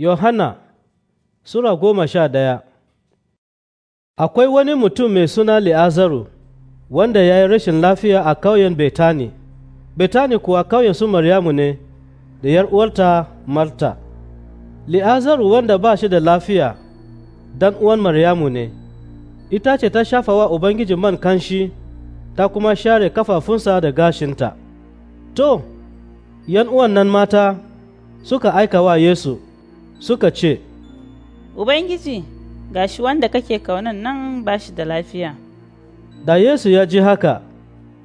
Yohana Sura goma sha ɗaya Akwai wani mutum mai suna Li'azaru wanda ya yi rashin lafiya a ƙauyen Betani, Betani kuwa ƙauyen su Maryamu ne da ‘yar uwarta Marta. Li'azaru wanda ba shi da lafiya dan uwan Maryamu ne, ita ce ta shafa wa Ubangiji man kanshi ta kuma share kafafunsa da gashinta. To, ‘yan uwan nan mata suka aika wa Yesu. suka ce, Ubangiji, ga shi wanda kake kaunan nan ba shi da lafiya. Da Yesu ya ji haka,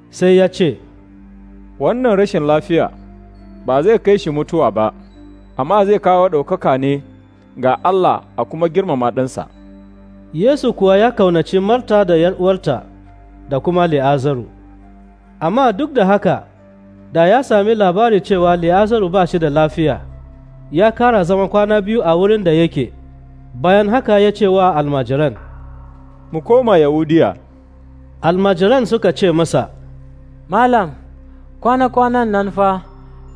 sai ya ce, Wannan rashin lafiya ba zai kai shi mutuwa ba, amma zai kawo ɗaukaka ne ga Allah a kuma girmama ɗansa. Yesu kuwa ya kaunaci Marta da uwarta da kuma Li'azaru, amma duk da haka, da ya sami labari cewa Li'azaru ba shi da lafiya. ya kara zama kwana biyu a wurin da yake bayan haka ya ce wa almajiran mu koma yahudiya almajiran suka ce masa malam kwana-kwanan nan fa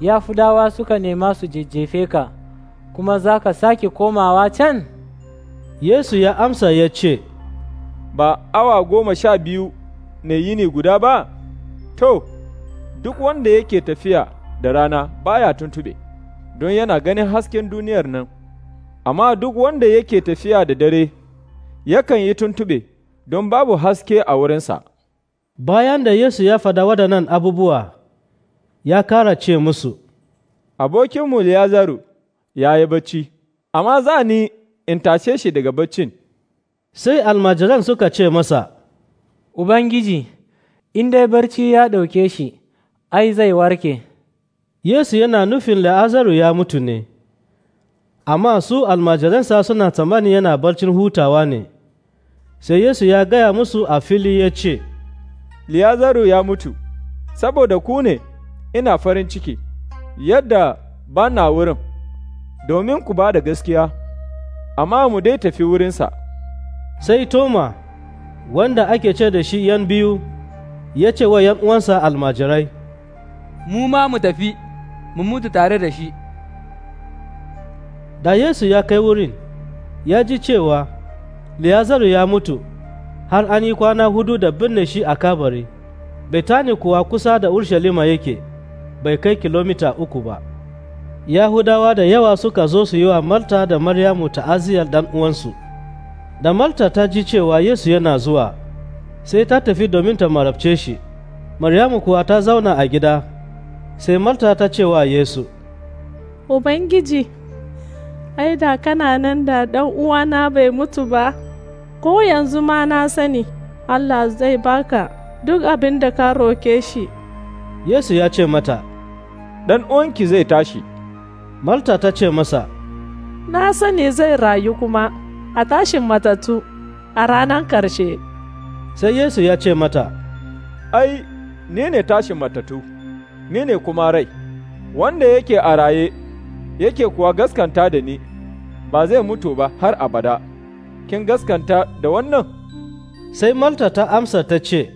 ya dawa suka nema su jejjefe ka kuma za ka sake komawa can yesu ya amsa ya ce ba awa goma sha biyu ne yini guda ba to duk wanda yake tafiya da rana baya tuntube. don yana ganin hasken duniyar nan, amma duk wanda yake tafiya da dare, yakan yi tuntube don babu haske a wurinsa. Bayan da Yesu ya fada waɗannan abubuwa, ya kara ce musu, Abokinmu zaru, ya yi bacci, amma za ni in tashe shi daga baccin. Sai almajiran suka ce masa, Ubangiji, in dai barci ya ɗauke shi, ai zai warke. Yesu yana nufin la'azaru ya mutu ne, amma su almajiransa suna tsammani yana barcin hutawa ne, sai Yesu ya gaya musu a fili ya ce, Liyazaru ya mutu, saboda ku ne ina farin ciki, yadda ba na wurin, domin ku ba da gaskiya, amma mu dai tafi wurinsa. Sai Toma, wanda ake ce da shi ’yan biyu, ya ce wa uwansa almajirai, Mu ma mu tafi. mu mutu tare da shi da yesu ya kai wurin ya ji cewa liyazaru ya mutu har an yi kwana hudu da binne shi a kabari betani kuwa kusa da urshalima yake bai kai kilomita uku ba yahudawa da yawa suka zo su yi wa malta da maryamu ta'aziyar dan uwansu da malta ta ji cewa yesu yana zuwa sai ta tafi domin ta marabce shi maryamu kuwa ta zauna a gida sai marta ta ce wa yesu ubangiji ai da kana nan da ɗan uwana bai mutu ba ko yanzu ma na sani allah zai baka duk abin da ka roke shi yesu ya ce mata ɗan uwanki zai tashi marta ta ce masa na sani zai rayu kuma a tashin matatu a ranar karshe sai yesu ya ce mata ai ne ne tashin matatu ni ne kuma rai, wanda yake a raye, yake kuwa gaskanta da ni, ba zai mutu ba har abada, kin gaskanta da wannan? Sai Malta ta amsa ta ce,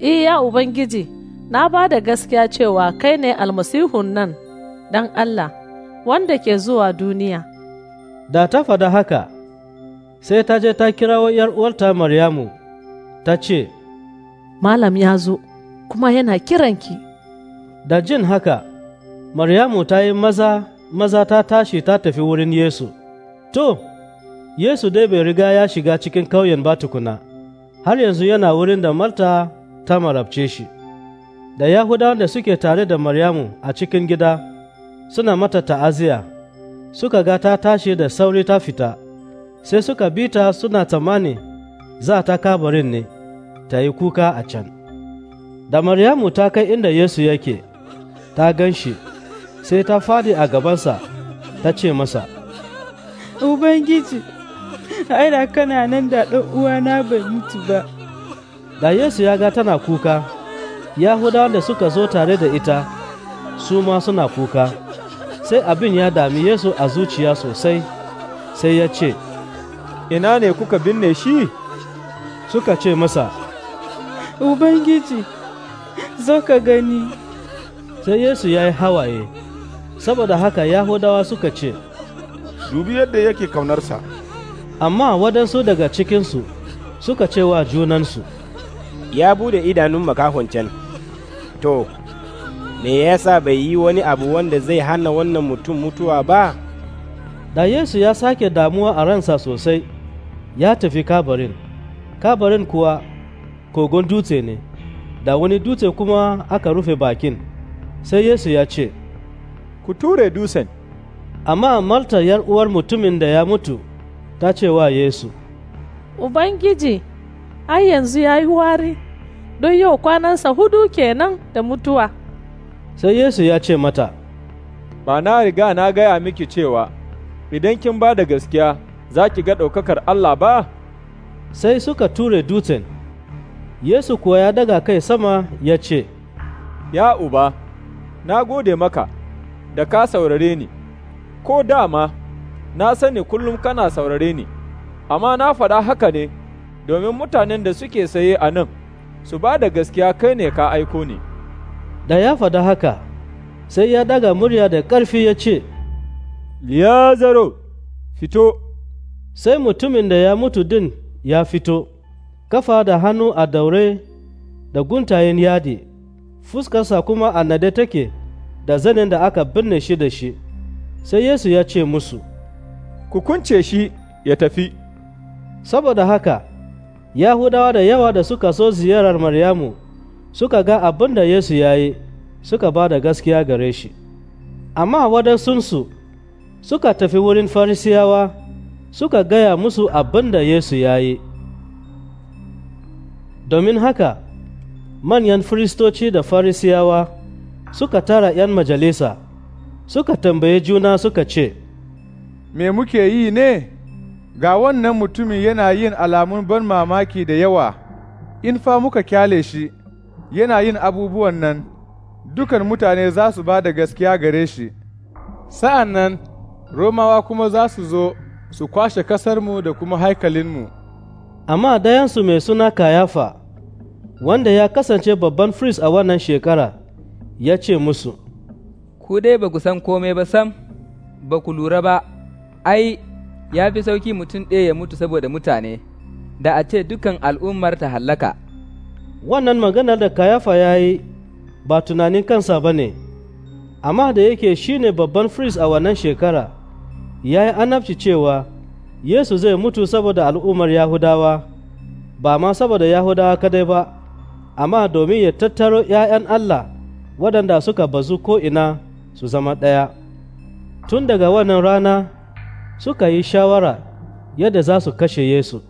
Iya Ubangiji, na ba da gaskiya cewa kai ne almasihun nan dan Allah, wanda ke zuwa duniya. Da ta fada haka, sai ta je ta kirawo uwarta Maryamu, ta ce, Malam ya zo, kuma yana kiranki. da jin haka maryamu ta yi maza maza ta tashi ta tafi wurin yesu to yesu dai bai riga ya shiga cikin kauyen ba tukuna har yanzu yana wurin da marta ta marabce shi da yahudawan da suke tare da maryamu a cikin gida suna mata ta'aziya suka ga ta tashi da sauri ta fita sai suka bi ta suna tsammani za ta kabarin ne ta yi kuka a can da maryamu ta kai inda yesu yake ta gan shi sai ta fadi a gabansa ta ce masa ubangiji ai da kana nan da ɗan uwana bai mutu ba da yesu ya ga tana kuka yahudawa da suka zo tare da ita su ma suna kuka sai abin ya dami yesu a zuciya sosai sai ya ce ina ne kuka binne shi suka ce masa ubangiji zo ka gani sai Yesu ya yi hawaye, saboda haka Yahudawa suka ce, Dubi yadda yake kaunarsa. Amma waɗansu daga cikinsu suka ce wa junansu, Ya bude idanun makahon can, to, me yasa bai yi wani abu wanda zai hana wannan mutum mutuwa ba? Da Yesu ya sake damuwa a ransa sosai, ya tafi kabarin, kabarin kuwa kogon dutse ne, da wani dutse kuma aka rufe bakin. sai Yesu ya ce, Ku ture dutsen. Amma malta yar uwar mutumin da ya mutu ta ce wa Yesu, Ubangiji, ai yanzu ya yi wari, don yau kwanansa hudu kenan da mutuwa. Sai Yesu ya ce mata, Ba na riga na gaya miki cewa, idan kin ba da gaskiya za ki ga ɗaukakar Allah ba? Sai suka ture dutsen, Yesu kuwa ya daga kai sama ya ce, Ya uba, na gode maka da ka saurare ni, ko dama na sani kullum kana saurare ni, amma na faɗa haka ne domin mutanen da suke saye a nan su ba da gaskiya kai ne ka aiko ni. Da ya faɗa haka, sai ya daga murya da ƙarfi ya ce, Ya zaro, fito! Sai mutumin da ya mutu din ya fito, kafa da hannu a daure da guntayen yadi. fuskarsa kuma a nade take da zanen da aka binne shi da shi sai yesu ya ce musu ku kunce shi ya tafi saboda haka yahudawa da yawa da suka so ziyarar maryamu suka ga abin da yesu ya yi suka ba da gaskiya gare shi amma waɗansunsu suka tafi wurin farisiyawa suka gaya musu abin da yesu ya yi domin haka manyan firistoci da farisiyawa suka tara ‘yan majalisa suka tambaye juna suka ce, Me muke yi ne? Ga wannan mutumin yana yin alamun ban mamaki da yawa, in fa muka kyale shi, yana yin abubuwan nan, dukan mutane za su ba da gaskiya gare shi. Sa'an nan, Romawa kuma za su zo su kwashe kasarmu da kuma haikalinmu. Amma dayansu mai suna kayafa. wanda ya kasance babban fris a wannan shekara ya ce musu, Ku dai ba ku san kome ba sam, ba ku lura ba, ai, ya fi sauki mutum ɗaya ya mutu saboda mutane, da a ce dukan al'ummar ta hallaka. Wannan maganar da kayafa ya yi ba tunanin kansa ba ne, amma da yake shi ne babban fris a wannan shekara, ya yi anabci cewa Yesu zai mutu saboda al'ummar Yahudawa, ba ma saboda Yahudawa kadai ba. amma domin ya tattaro ‘ya'yan Allah waɗanda suka bazu ko'ina su zama ɗaya. Tun daga wannan rana suka yi shawara yadda za su kashe Yesu.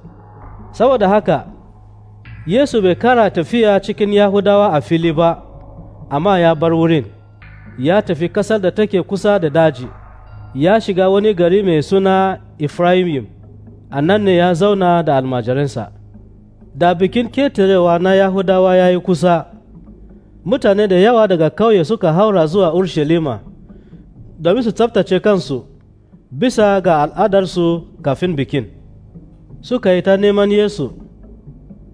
Saboda haka, Yesu bai kara tafiya cikin Yahudawa a fili ba, amma ya bar wurin, ya tafi ƙasar da take kusa da daji, ya shiga wani gari mai suna Ifrahim, a nan ne ya zauna da almajiransa. da bikin ketarewa na Yahudawa ya yi kusa, mutane da yawa daga kauye suka haura zuwa Urshalima domin su tsaftace kansu bisa ga al'adarsu kafin bikin. Suka yi ta neman Yesu,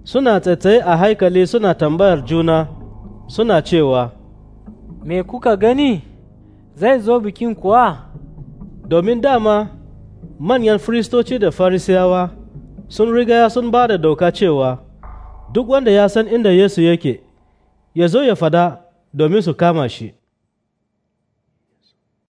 suna tsaitsaye a haikali suna tambayar juna, suna cewa, Me kuka gani, zai zo bikin kuwa? Domin dama manyan firistoci da farisiyawa sun riga sun ba da doka cewa duk wanda ya san inda Yesu yake ya zo ya fada domin su kama shi